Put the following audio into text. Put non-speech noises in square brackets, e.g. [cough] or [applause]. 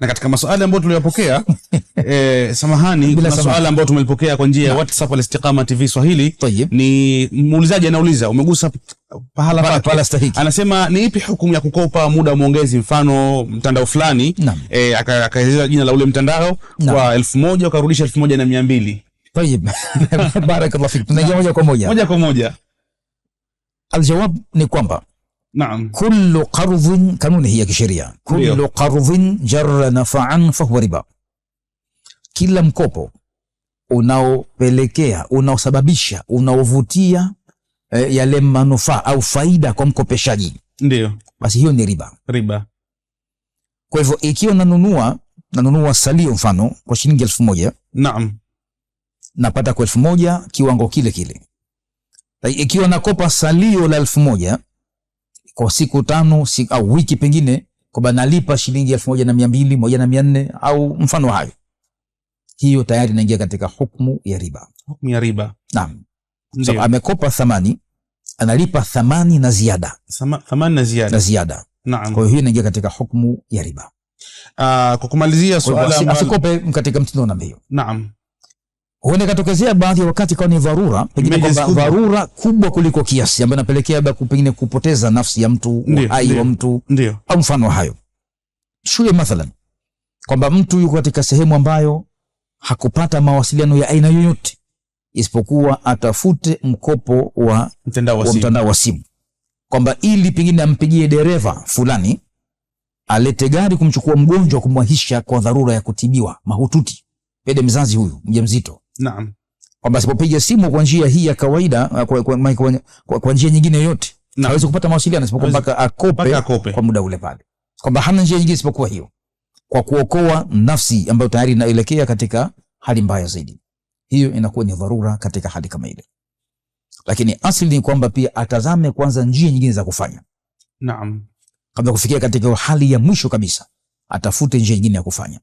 na katika maswali ambayo tuliyopokea [laughs] eh, samahani kuna swali ambayo tumelipokea kwa njia ya WhatsApp al Istiqama TV Swahili Tayyip. ni muulizaji anauliza umegusa pahala pa, pala stahiki anasema ni ipi hukumu ya kukopa muda wa muongezi mfano mtandao fulani eh, akaeleza jina la ule mtandao kwa elfu moja ukarudisha elfu moja na mia mbili Tayyip [laughs] barakallahu fik tunaingia moja kwa moja moja kwa moja aljawab ni kwamba نعم كل قرض kanuni hii ya kisheria kullu qardhin jarra nafa'an fahuwa riba, kila mkopo unaopelekea unaosababisha unaovutia eh, yale manufaa au faida kwa mkopeshaji, ndio basi hiyo ni riba. Riba. Kwa hivyo ikiwa nanunua nanunua salio mfano kwa shilingi elfu moja naam, napata kwa elfu moja kiwango kile kile. Ikiwa nakopa salio la elfu moja kwa siku tano siku, au wiki pengine kwamba nalipa shilingi elfu moja na mia mbili moja na mia nne au mfano hayo, hiyo tayari inaingia katika hukmu ya riba. Hukmu ya riba, naam. So, amekopa thamani analipa thamani na ziada, thamani na ziada, na ziada. Naam. Kwa hiyo inaingia katika hukmu ya riba. Uh, kwa kumalizia swala, asikope katika mtindo namna hiyo. Naam huenda ikatokezea baadhi ya wakati ikawa ni dharura, pengine kwamba dharura kubwa kuliko kiasi, ambayo inapelekea labda pengine kupoteza nafsi ya mtu, uhai wa mtu, au mfano hayo. Shule mathalan, kwamba mtu yuko katika sehemu ambayo hakupata mawasiliano ya aina yoyote isipokuwa atafute mkopo wa mtandao wa, mtanda wa simu, kwamba ili pengine ampigie dereva fulani alete gari kumchukua mgonjwa, kumwahisha kwa dharura ya kutibiwa mahututi, pede mzazi huyu mjamzito Naam, kwamba asipopiga simu kwa njia hii ya kawaida, ah, kwa, kwa, kwa, kwa, kwa njia nyingine yoyote hawezi kupata mawasiliano isipokuwa mpaka akope, akope kwa muda ule pale, kwamba hana njia nyingine isipokuwa hiyo, kwa kuokoa nafsi ambayo tayari inaelekea katika hali mbaya zaidi. Hiyo inakuwa ni dharura katika hali kama ile, lakini asili ni kwamba pia atazame kwanza njia nyingine za kufanya. Naam, kabla kufikia katika hali ya mwisho kabisa, atafute njia nyingine ya kufanya.